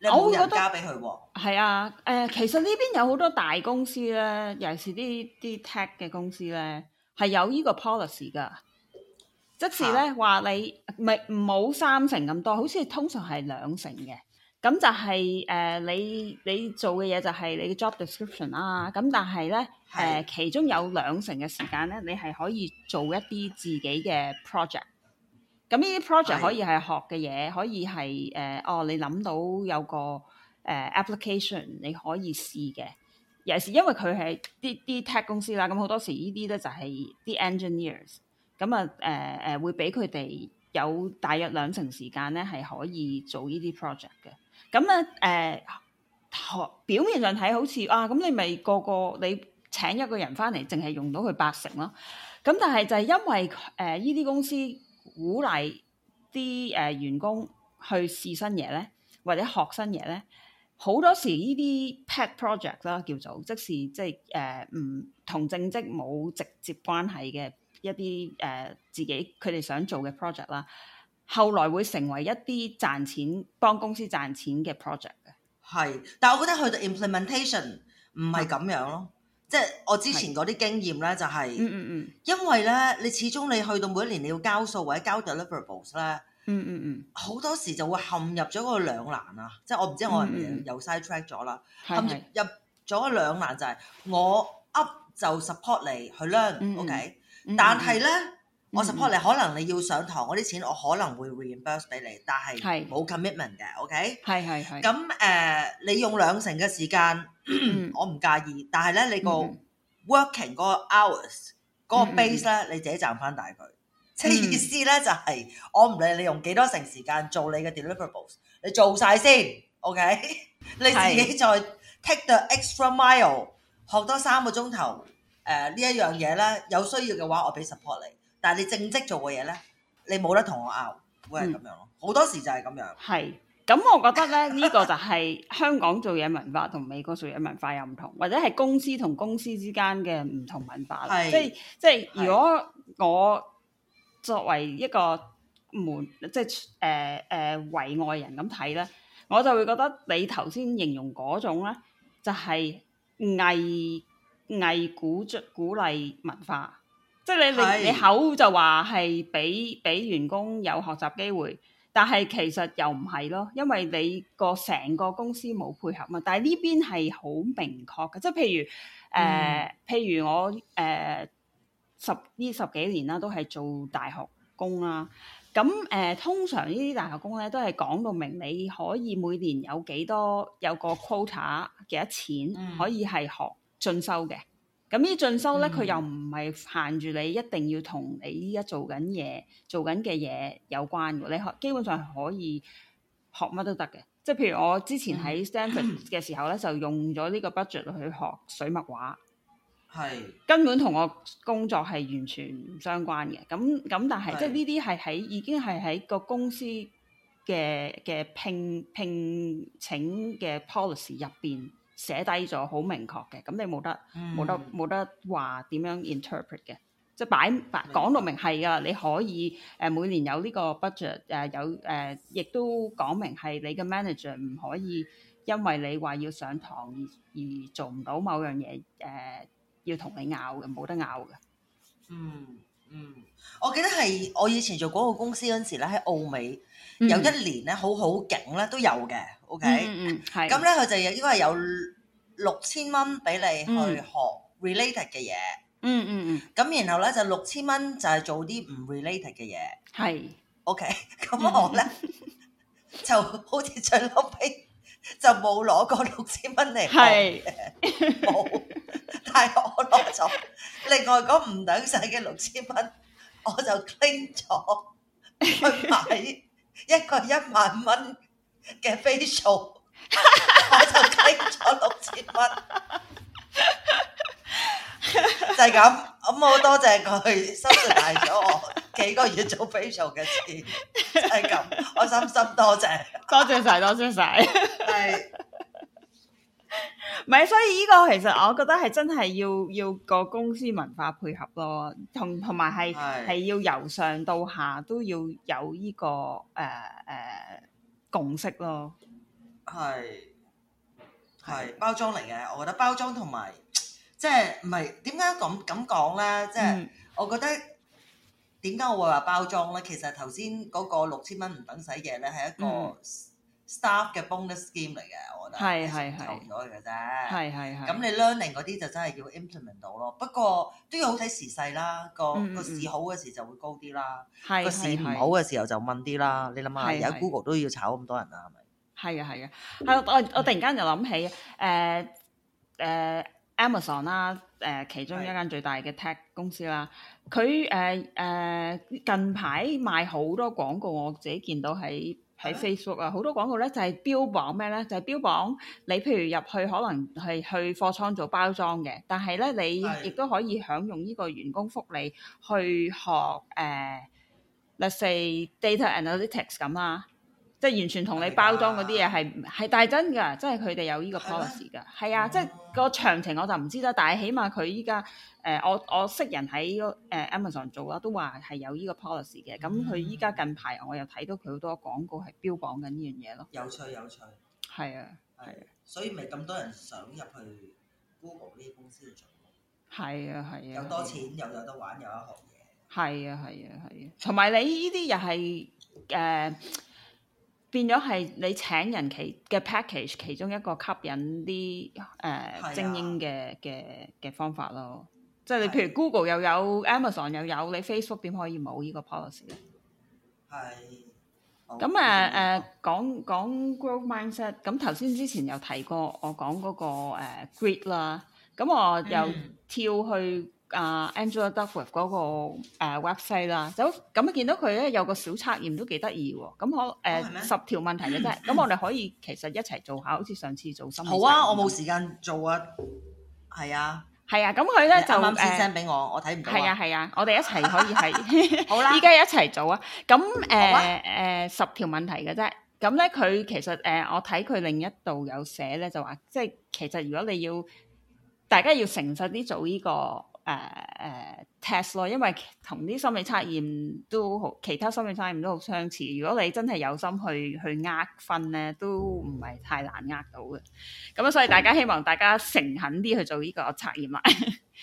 有冇人交俾佢？係啊，誒、呃，其實呢邊有好多大公司咧，尤其是啲啲 tech 嘅公司咧，係有呢個 policy 噶，即是咧話、啊、你唔唔冇三成咁多，好似通常係兩成嘅。咁就係、是、誒、呃，你你做嘅嘢就係你嘅 job description 啊。咁但係咧，誒的、呃，其中有兩成嘅時間咧，你係可以做一啲自己嘅 project。咁呢啲 project 可以係學嘅嘢，對可以係誒，哦，你諗到有個誒、呃、application 你可以試嘅，尤其因為佢係啲啲 tech 公司啦。咁好多時呢啲咧就係啲 engineers，咁啊誒誒會俾佢哋有大約兩成時間咧係可以做呢啲 project 嘅。咁咧誒，表面上睇好似啊，咁你咪個個你請一個人返嚟，淨係用到佢八成咯。咁、嗯、但係就係因為誒呢啲公司。鼓勵啲誒員工去試新嘢咧，或者學新嘢咧，好多時呢啲 pet project 啦，叫做即是即係誒唔同正職冇直接關係嘅一啲誒、呃、自己佢哋想做嘅 project 啦，後來會成為一啲賺錢幫公司賺錢嘅 project 嘅。係，但係我覺得去到 implementation 唔係咁樣咯。嗯即係我之前嗰啲經驗咧，就係，因為咧，你始終你去到每一年你要交數或者交 deliverables 咧，好多時就會陷入咗嗰個兩難啊！即係我唔知我又 side track 咗啦，陷入咗兩難就係我 up 就 support 你去 learn，OK，但係咧。我 support 你，可能你要上堂，我啲錢我可能會 reimburse 俾你，但係冇 commitment 嘅，OK？係係係。咁誒，你用兩成嘅時間，我唔介意。但係咧，你個 working 嗰個 hours 嗰個 base 咧，你自己賺翻大佢。即係意思咧，就係我唔理你用幾多成時間做你嘅 deliverables，你做曬先，OK？你自己再 take the extra mile，學多三個鐘頭，誒呢一樣嘢咧，有需要嘅話，我俾 support 你。但係你正職做嘅嘢咧，你冇得同我拗，會係咁樣咯。好、嗯、多時就係咁樣。係，咁我覺得咧，呢 [LAUGHS] 個就係香港做嘢文化同美國做嘢文化又唔同，或者係公司同公司之間嘅唔同文化。係是，即係即係，是如果我作為一個門，即係誒誒圍外人咁睇咧，我就會覺得你頭先形容嗰種咧，就係偽偽鼓勵鼓勵文化。即係你你口就話係俾俾員工有學習機會，但係其實又唔係咯，因為你個成個公司冇配合嘛。但係呢邊係好明確嘅，即係譬如誒、呃，譬如我誒、呃、十呢十幾年啦、啊，都係做大學工啦、啊。咁誒、呃，通常呢啲大學工咧都係講到明，你可以每年有幾多有個 quota 幾多錢可以係學進修嘅。咁呢進修咧，佢、嗯、又唔係限住你一定要同你依家做緊嘢、做緊嘅嘢有關嘅，你可基本上係可以學乜都得嘅。即係譬如我之前喺 Stanford 嘅時候咧，嗯、就用咗呢個 budget 去學水墨畫，係是根本同我工作係完全唔相關嘅。咁咁，但係是即係呢啲係喺已經係喺個公司嘅嘅聘聘請嘅 policy 入邊。寫低咗好明確嘅，咁你冇得冇、嗯、得冇得話點樣 interpret 嘅，即係擺擺講到明係㗎，你可以誒每年有呢個 budget 誒有誒，亦、呃、都講明係你嘅 manager 唔可以因為你話要上堂而做唔到某樣嘢誒、呃，要同你拗嘅冇得拗嘅。嗯。嗯，我記得係我以前做廣告公司陣時咧，喺澳美有一年咧，嗯、好好勁咧都有嘅。OK，嗯，係咁咧，佢就有應該係有六千蚊俾你去學 related 嘅嘢、嗯。嗯嗯嗯。咁然後咧就六千蚊就係做啲唔 related 嘅嘢。係。OK，咁我咧就好似再攞俾就冇攞過六千蚊嚟學係，冇是， [LAUGHS] 但係我。我就 [LAUGHS] 另外嗰唔、那個、等使嘅六千蚊，我就傾咗去買一個一萬蚊嘅 facial 我就傾咗六千蚊。 [LAUGHS] 就係咁，咁我多謝佢收咗大咗我幾個月做 facial 嘅錢，就係、是、咁，我心心 [LAUGHS] 多謝。多謝晒，多謝晒。係。唔係，所以呢個其實我覺得係真係要要個公司文化配合咯，同同埋係係要由上到下都要有呢個誒誒共識咯。係係包裝嚟嘅，我覺得包裝同埋即係唔係點解咁咁講咧？即係我覺得點解我會話包裝咧？其實頭先嗰個六千蚊唔等使嘅咧，係一個。staff 嘅 bonus scheme 嚟嘅，我覺得係係係，扣咗嘅啫。係係係。咁你 learning 嗰啲就真係要 implement 到咯。不過都要好睇時勢啦。個個市好嘅時就會高啲啦。個市唔好嘅時候就問啲啦。你諗下，而家 Google 都要炒咁多人啊，係咪？係啊係啊。係我我突然間就諗起誒誒 Amazon 啦，誒其中一間最大嘅 tech 公司啦。佢誒誒近排賣好多廣告，我自己見到喺。喺 Facebook 啊，好多廣告咧就係標榜咩咧？就係、是、標榜你，譬如入去可能係去貨倉做包裝嘅，但係咧你亦都可以享用呢個員工福利，去學誒，例、呃、如 data analytics 咁啦。即係完全同你包裝嗰啲嘢係係，但真㗎，即係佢哋有呢個 policy 㗎。係啊，即係個詳情我就唔知啦。但係起碼佢依家誒，我我識人喺誒、呃、Amazon 做啦，都話係有呢個 policy 嘅。咁佢依家近排我又睇到佢好多廣告係標榜緊呢樣嘢咯。有趣有趣，係啊係啊，所以咪咁多人想入去 Google 呢啲公司度做？係啊係啊，有多錢又有得玩，又有學嘢。係啊係啊係啊，同埋、啊啊啊啊啊啊、你呢啲又係誒。呃變咗係你請人其嘅 package 其中一個吸引啲誒、呃啊、精英嘅嘅嘅方法咯，即、就、係、是、你譬如 Google 又有 Amazon 又有你 Facebook 點可以冇呢個 policy？係咁啊誒，講講 growth mindset。咁頭先之前又提過我講、那個，我、呃、講嗰個 grit 啦。咁我又跳去。嗯啊，Angela Duckworth 嗰個誒 website 啦，就咁啊見到佢咧有個小測驗都幾得意喎，咁我誒十條問題嘅啫，咁我哋可以其實一齊做下，好似上次做心好啊，我冇時間做啊，係啊，係啊，咁佢咧就誒 send 俾我，我睇唔到係啊係啊，我哋一齊可以係好啦，依家，一齊做啊，咁誒誒十條問題嘅啫，咁咧佢其實誒我睇佢另一度有寫咧就話，即係其實如果你要大家要誠實啲做呢個。誒誒 test 咯，因為同啲心理測驗都好，其他心理測驗都好相似。如果你真係有心去去呃分咧，都唔係太難呃到嘅。咁啊，所以大家希望大家誠懇啲去做呢個測驗啦。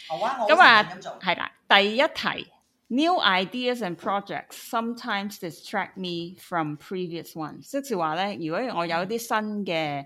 好啊，咁啊，係啦。第一題，New ideas and projects sometimes distract me from previous ones，即係話咧，如果我有啲新嘅。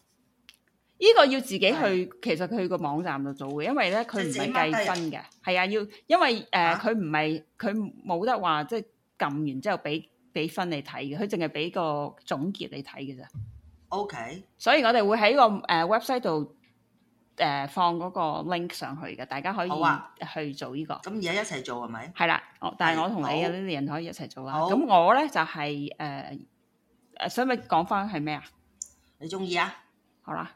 呢個要自己去，的其實佢個網站度做嘅，因為咧佢唔係計分嘅，係啊，要因為誒佢唔係佢冇得話即係撳完之後俾俾分你睇嘅，佢淨係俾個總結你睇嘅咋。OK，所以我哋會喺、這個誒 website、呃、度、呃、誒放嗰個 link 上去嘅，大家可以、啊、去做呢、這個。咁而家一齊做係咪？係啦，但係我同你啊 Lilian 可以一齊做啦。咁好我咧就係誒誒，想唔想講翻係咩啊？你中意啊？好啦。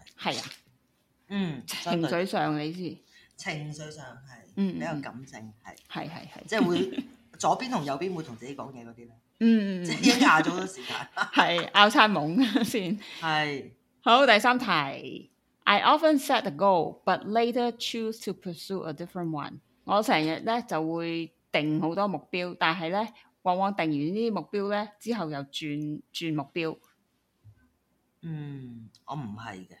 係啊，嗯，情緒上你知，情緒上係，嗯，比較感性，係、嗯，係係係， [LAUGHS] 即係會左邊同右邊會同自己講嘢嗰啲咧，嗯，嗯，即已經嗌咗好多時間，係拗餐懵先，係是，好第三題，I often set a goal but later choose to pursue a different one 我。我成日咧就會定好多目標，但係咧往，往往定完呢啲目標咧之後又，又轉轉目標。嗯，我唔係嘅。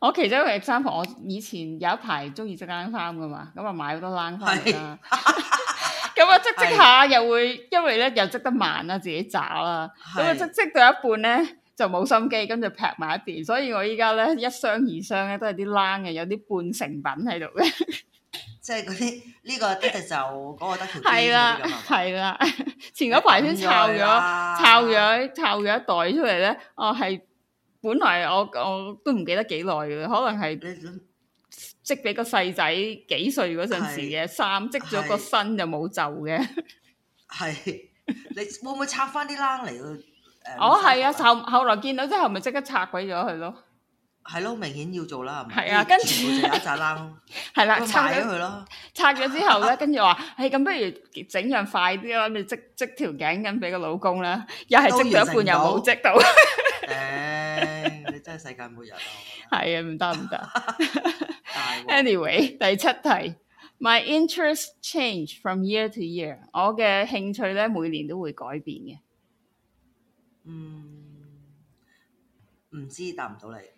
我其中一個 example，我以前有一排中意織冷衫，噶嘛，咁啊，買好多冷翻嚟啦，咁啊織織下又會， [LAUGHS] 因為咧又織得慢啦，自己渣啦，咁啊織織到一半咧就冇心機，咁就劈埋一邊，所以我依家咧一箱二箱咧都係啲冷嘅，有啲半成品喺度嘅， [LAUGHS] 即係嗰啲呢個得就嗰、嗰個得條，係啦係啦，前嗰排先抄咗抄咗抄咗一袋出嚟咧，哦、啊、係。本嚟我我都唔記得幾耐嘅，可能係織俾個細仔幾歲嗰陣時嘅衫，織咗是個身就冇袖嘅。係 [LAUGHS] 你會唔會拆翻啲冷嚟？誒，哦係啊，後、啊、後來見到之後咪即刻拆鬼咗佢咯。係咯，明顯要做啦，係咪？係啊，跟住就一扎啦！係啦、 [LAUGHS] 啊，拆咗佢咯。拆咗了之後咧， [LAUGHS] 跟住話，誒，咁不如整樣快啲咯，咪織織條頸巾俾個老公啦。又係織咗一半又冇織到。誒 [LAUGHS] [LAUGHS] 你真係世界末日咯！係 [LAUGHS] 啊，唔得唔得。 [LAUGHS] [LAUGHS] Anyway，第七題，My interest change from year to year。我嘅興趣咧，每年都會改變嘅。嗯，唔知答唔到你。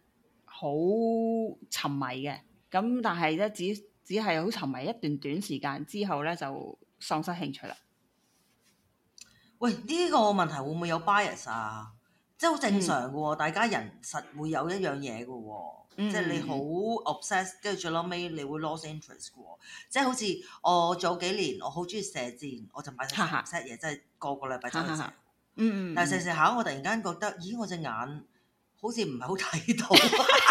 好沉迷嘅，咁但係咧，只只係好沉迷一段短時間之後咧就喪失興趣啦。喂，呢個問題會唔會有 bias 啊？即係好正常嘅喎。哦，嗯、大家人實會有一樣嘢嘅喎，即係你好 obsessed 跟住最後尾你會 lose interest 嘅。即係好似我早幾年我好中意射箭，我就買晒 set 嘢，即係個個禮拜都射，哈哈。嗯嗯。但射射下，我突然間覺得，咦，我隻眼好似唔係好睇到。 [LAUGHS] [LAUGHS]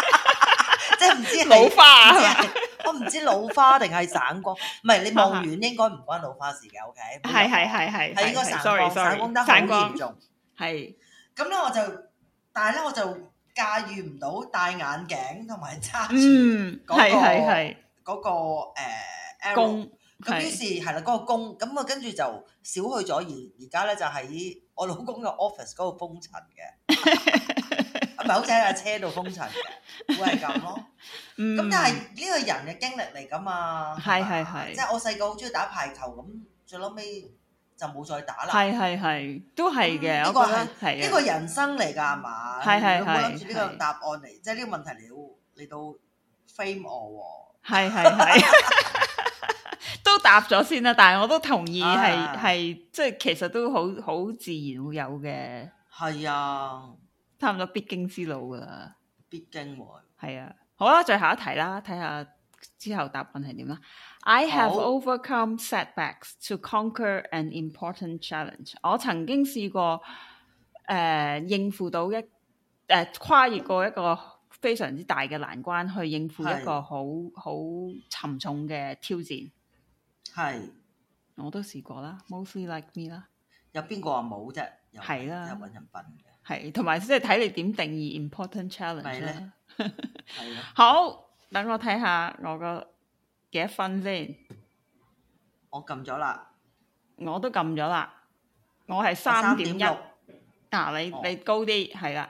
唔知老花、啊知，我唔知老花定係散光，唔係、 [LAUGHS] 嗯、你望遠應該唔關老花事嘅，OK？係係係係，係 [LAUGHS] 應該散光散 [LAUGHS] 省光，光得好嚴重，係光。咁咧我就，但係咧我就駕馭唔到戴眼鏡同埋揸住嗰個，係係係嗰個誒弓。咁、呃、於公是係啦，嗰是是、那個弓咁啊，跟住就少去咗而而家咧就喺、是、我老公嘅 office 嗰度封塵嘅。 [LAUGHS] 狗仔喺車度封塵，會係咁咯。咁但係呢個人嘅經歷嚟噶嘛？係係係。即係我細個好中意打排球，咁最撈尾就冇再打啦。係係係，都係嘅。呢個係呢個人生嚟㗎，係嘛？係係我諗住呢個答案嚟，即係呢個問題嚟到嚟到 frame 我。係係係。都答咗先啦，但係我都同意係係，即係其實都好好自然會有嘅。係啊。差唔多必經之路噶，必經喎、哦，係啊，好啦，最後一題啦，睇下之後答案係點啦。I have 好 overcome setbacks to conquer an important challenge。我曾經試過誒、呃、應付到一誒、呃、跨越過一個非常之大嘅難關去應付一個好好是沉重嘅挑戰。係是，我都試過啦。Mostly like me 啦，有邊個話冇啫？係啦，又搵人笨。係，同埋即係睇你點定義 important challenge。係咧， [LAUGHS] 好，等我睇下我個幾多分先。我撳咗啦，啦，我都撳咗啦，我係三點一。嗱，你、哦、你高啲，係啦。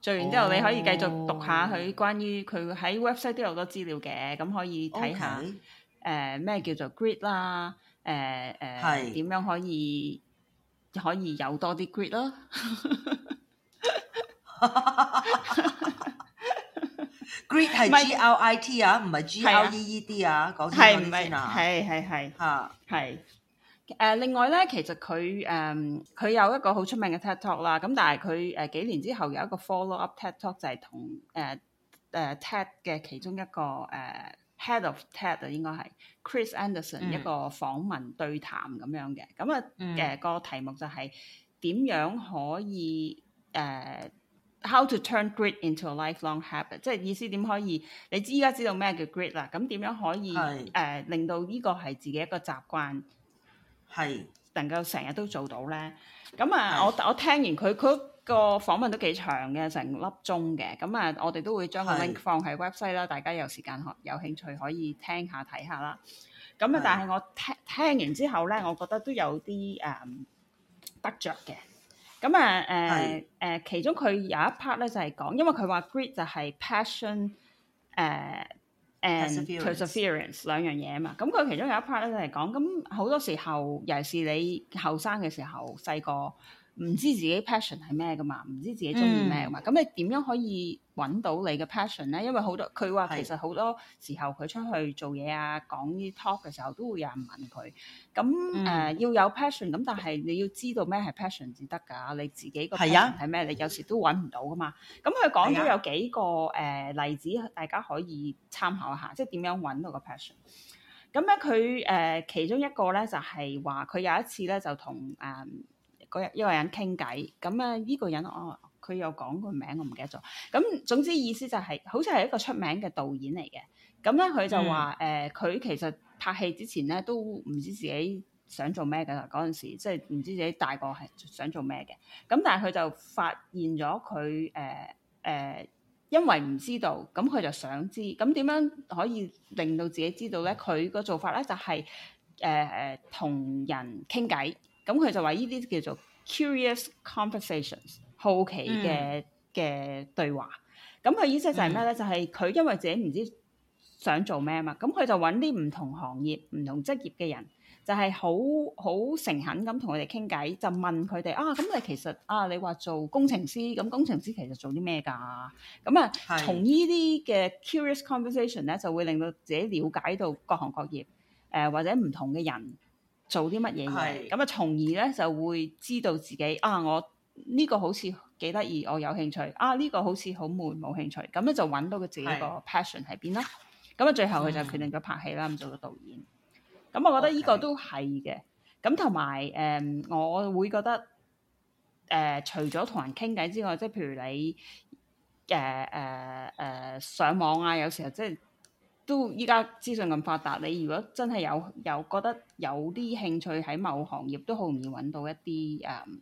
做完之後，你可以繼續讀下佢，關於佢喺 website 都有好多資料嘅，咁可以睇下誒咩叫做 grit 啦，誒誒點樣可以可以有多啲 grit 咯。grit 係 G R I T 啊，唔係 G L E E D 啊，講清楚啲，係唔係啊？係係係嚇，係。誒、uh, 另外咧，其實佢誒佢有一個好出名嘅 TED Talk 啦。咁但係佢誒幾年之後有一個 follow up TED Talk 就係同誒誒 TED 嘅其中一個誒、uh, Head of TED 就應該係 Chris Anderson、嗯、一個訪問對談咁樣嘅。咁啊嘅個題目就係、是、點樣可以誒、uh,？How to turn grit into a lifelong habit，即係意思點可以？你知依家知道咩叫 grit 啦？咁點樣可以誒是、呃、令到呢個係自己一個習慣？係是能夠成日都做到咧，咁啊，是我我聽完佢佢個訪問都幾長嘅，成粒鐘嘅，咁啊，我哋都會將個 link 放喺 website 啦，是大家有時間可有興趣可以聽下睇下啦。咁啊，是但係我聽聽完之後咧，我覺得都有啲誒、um, 得着嘅。咁啊，誒、呃、誒是、呃，其中佢有一 part 咧就係、是、講，因為佢話 grit 就係 passion 誒、呃。誒 perseverance 兩樣嘢啊嘛，咁佢其中有一 part 咧，就係講咁好多時候，尤其是你後生嘅時候，細個。唔知自己 passion 係咩噶嘛，唔知自己中意咩噶嘛，咁、嗯、你點樣可以揾到你嘅 passion 咧？因為好多佢話其實好多時候佢出去做嘢啊，講啲 talk 嘅時候都會有人問佢，咁誒、呃、要有 passion，咁但係你要知道咩係 passion 至得㗎，你自己嘅 passion 係咩呀？你有時都揾唔到噶嘛。咁佢講咗有幾個誒呀、呃、例子，大家可以參考一下，即係點樣揾到個 passion。咁咧佢誒其中一個咧就係話，佢有一次咧就同誒。嗯嗰日一個人傾偈，咁啊呢個人哦，佢又講個名，我唔記得咗。咁總之意思就係、是，好似係一個出名嘅導演嚟嘅。咁咧佢就話誒，佢、嗯呃、其實拍戲之前咧都唔知自己想做咩㗎。嗰陣時即係唔知自己大個係想做咩嘅。咁但係佢就發現咗佢誒誒，因為唔知道，咁佢就想知。咁點樣可以令到自己知道咧？佢個做法咧就係誒誒同人傾偈。咁佢就話：呢啲叫做 curious conversations，好奇嘅嘅、嗯、對話。咁佢意思就係咩咧？嗯、就係佢因為自己唔知想做咩啊嘛。咁佢就揾啲唔同行業、唔同職業嘅人，就係好好誠懇咁同佢哋傾偈，就問佢哋啊。咁你其實啊，你話做工程師，咁工程師其實做啲咩㗎？咁啊，是從呢啲嘅 curious conversation 咧，就會令到自己了解到各行各業，誒、呃、或者唔同嘅人。做啲乜嘢嘢，咁啊是，從而咧就會知道自己啊，我呢個好似幾得意，我有興趣；啊，呢、呢個好似好悶，冇興趣。咁咧就揾到佢自己個 passion 喺邊啦。咁啊是，最後佢就決定咗拍戲啦，咁、嗯、做個導演。咁我覺得呢個都係嘅。咁同埋誒，我會覺得誒、呃，除咗同人傾偈之外，即係譬如你誒誒誒上網啊，有時候即係。都依家資訊咁發達，你如果真係有有覺得有啲興趣喺某行業，都好容易揾到一啲誒、嗯、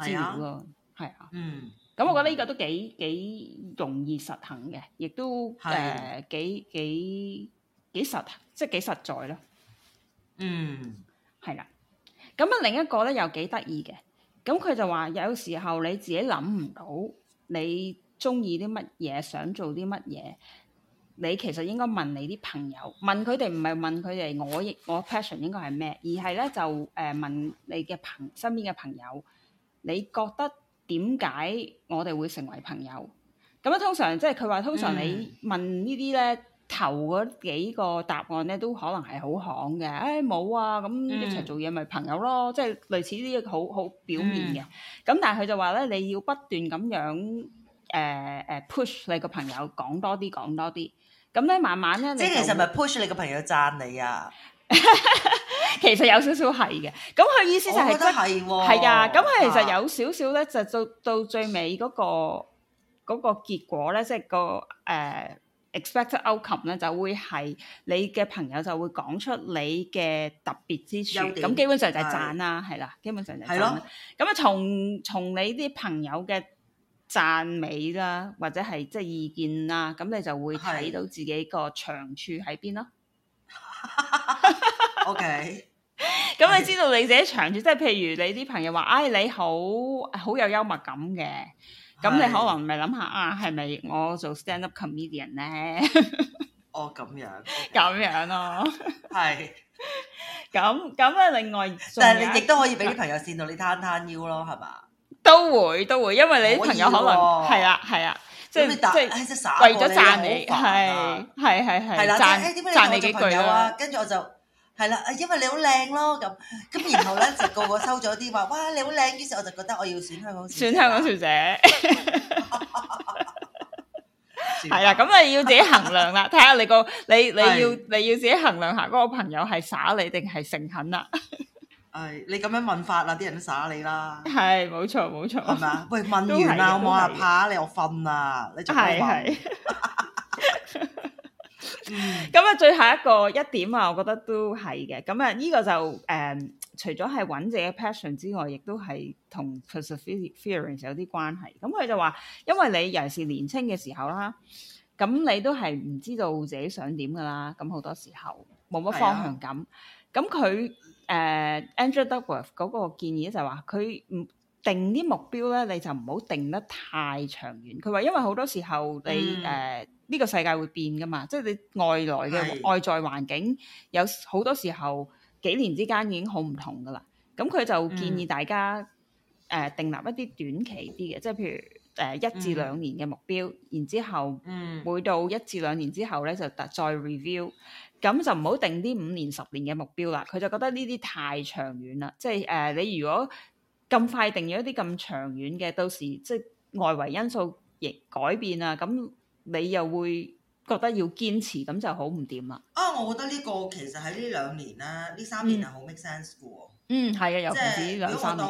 資料咯。係啊，啊嗯，咁我覺得呢個都幾幾容易實行嘅，亦都誒、啊、幾幾幾實，即係幾實在咯。嗯，係啦。咁啊，另一個咧又幾得意嘅，咁佢就話有時候你自己諗唔到，你中意啲乜嘢，想做啲乜嘢。你其實應該問你啲朋友，問佢哋，唔係問佢哋我亦我 passion 應該係咩，而係咧就誒問你嘅朋身邊嘅朋友，你覺得點解我哋會成為朋友？咁咧通常即係佢話通常你問呢啲咧、嗯、頭嗰幾個答案咧都可能係好行嘅。誒、哎、冇啊，咁一齊做嘢咪朋友咯，嗯、即係類似呢啲好好表面嘅。咁、嗯、但係佢就話咧，你要不斷咁樣誒誒、呃呃、push 你個朋友講多啲，講多啲。咁咧，你慢慢咧，即係是其實咪 push 你個朋友贊你啊？ [LAUGHS] 其實有少少係嘅，咁佢意思就係真係係啊！咁佢其實有少少咧，就到到最尾嗰個嗰個結果咧，即係個誒 expected outcome 咧，就會係你嘅朋友就會講出你嘅特別之處。咁點基本上就係贊啦，係啦的，基本上就係咯。咁啊的，從從你啲朋友嘅。讚美啦，或者係即係意見啦，咁你就會睇到自己個長處喺邊咯。OK，咁你知道你自己長處，即係 [LAUGHS] 譬如你啲朋友話，哎，你好好有幽默感嘅，咁你可能咪諗下啊，係咪我做 stand up comedian 咧？哦，咁樣，咁、okay. [LAUGHS] [LAUGHS] 樣咯，係。咁咁啊，另外， [LAUGHS] 但係你亦都可以俾啲朋友扇到你攤攤腰咯，係嘛？都會都會，因為你啲朋友可能係啦係啊，即係即係為咗讚你，係係係係讚讚你幾句啊。跟住我就係啦，因為你好靚咯咁，咁然後咧就個個收咗啲話哇你好靚，於是我就覺得我要選香港選香港小姐，係啊，咁啊要自己衡量啦，睇下你個你你要你要自己衡量下嗰個朋友係耍你定係誠懇啊。係、哎、你咁樣問法啦，啲人都耍你啦。係冇錯冇錯，係嘛？喂，問完啦，好好怕我望下扒你，又瞓啦，你仲唔瞓？係係。咁啊，最後一個一點啊，我覺得都係嘅。咁啊，呢、這個就誒、嗯，除咗係揾自己 passion 之外，亦都係同 perseverance 有啲關係。咁佢就話，因為你尤其是年輕嘅時候啦，咁你都係唔知道自己想點㗎啦。咁好多時候冇乜方向感。咁佢、啊。誒、uh, Angela Duckworth 嗰個建議咧就話佢定啲目標咧你就唔好定得太長遠。佢話因為好多時候你誒呢、嗯呃呢個世界會變噶嘛，即、就、係、是、你外來嘅外在環境是有好多時候幾年之間已經好唔同噶啦。咁佢就建議大家誒、嗯呃、定立一啲短期啲嘅，即、就、係、是、譬如誒一至兩年嘅目標，嗯、然之後每到一至兩年之後咧就再 review。咁就唔好定啲五年、十年嘅目標啦，佢就覺得呢啲太長遠啦。即係誒、呃，你如果咁快定咗啲咁長遠嘅，到時即係外圍因素亦改變啊，咁你又會覺得要堅持，咁就好唔掂啦。啊、哦，我覺得呢、這個其實喺呢兩年啦，呢三年係好 make sense 嘅喎。嗯，係啊，尤其是呢兩三年。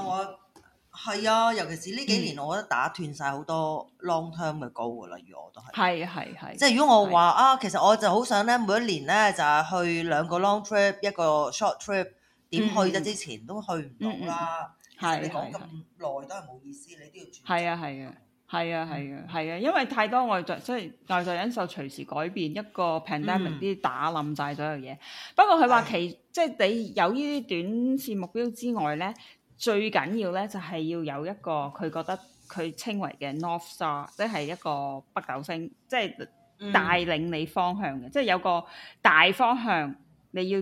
係啊，尤其是呢幾年，我覺得打斷晒好多 long term 嘅高噶啦，如果我都係，係係係。即係如果我話是啊，其實我就好想咧，每一年咧就係去兩個 long trip，一個 short trip，點去啫？之前都去唔到啦。係、嗯嗯嗯嗯、你講咁耐都係冇意思，你都要。係啊係啊係啊係啊係啊，啊，因為太多外在，即係外在因素隨時改變一個 pandemic 啲、嗯、打冧曬所有嘢。不過佢話其是即係你有依啲短線目標之外咧。最緊要咧，就係要有一個佢覺得佢稱為嘅 North Star，即係一個北斗星，即係帶領你方向嘅，即係、嗯、有個大方向你要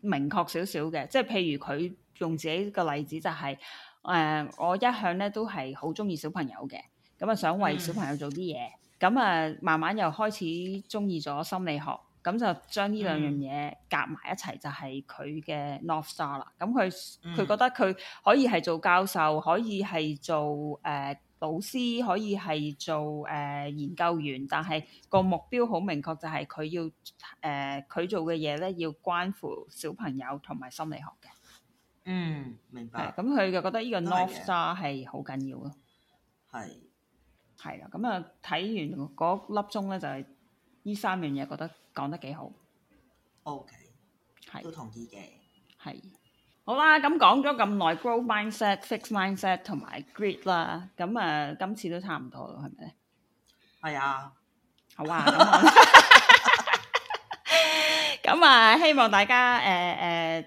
明確少少嘅。即係譬如佢用自己個例子就係誒、呃，我一向咧都係好中意小朋友嘅，咁啊想為小朋友做啲嘢，咁啊、嗯、慢慢又開始中意咗心理學。咁就將呢兩樣嘢夾埋一齊，就係、是、佢嘅 North Star 啦。咁佢佢覺得佢可以係做教授，嗯、可以係做誒、呃、老師，可以係做誒、呃、研究員，但係個目標好明確就，就係佢要誒佢做嘅嘢咧，要關乎小朋友同埋心理學嘅。嗯，明白。咁佢就覺得呢個 North Star 係好緊要咯。係係啦，咁啊睇完嗰粒鐘咧，就係、是、呢三樣嘢覺得。講得幾好，OK，係都同意嘅，係好啦。咁講咗咁耐，growth mindset、fixed mindset 同埋 grit 啦，咁啊，今次都差唔多咯，係咪咧？係啊，好啊，咁啊，希望大家誒誒。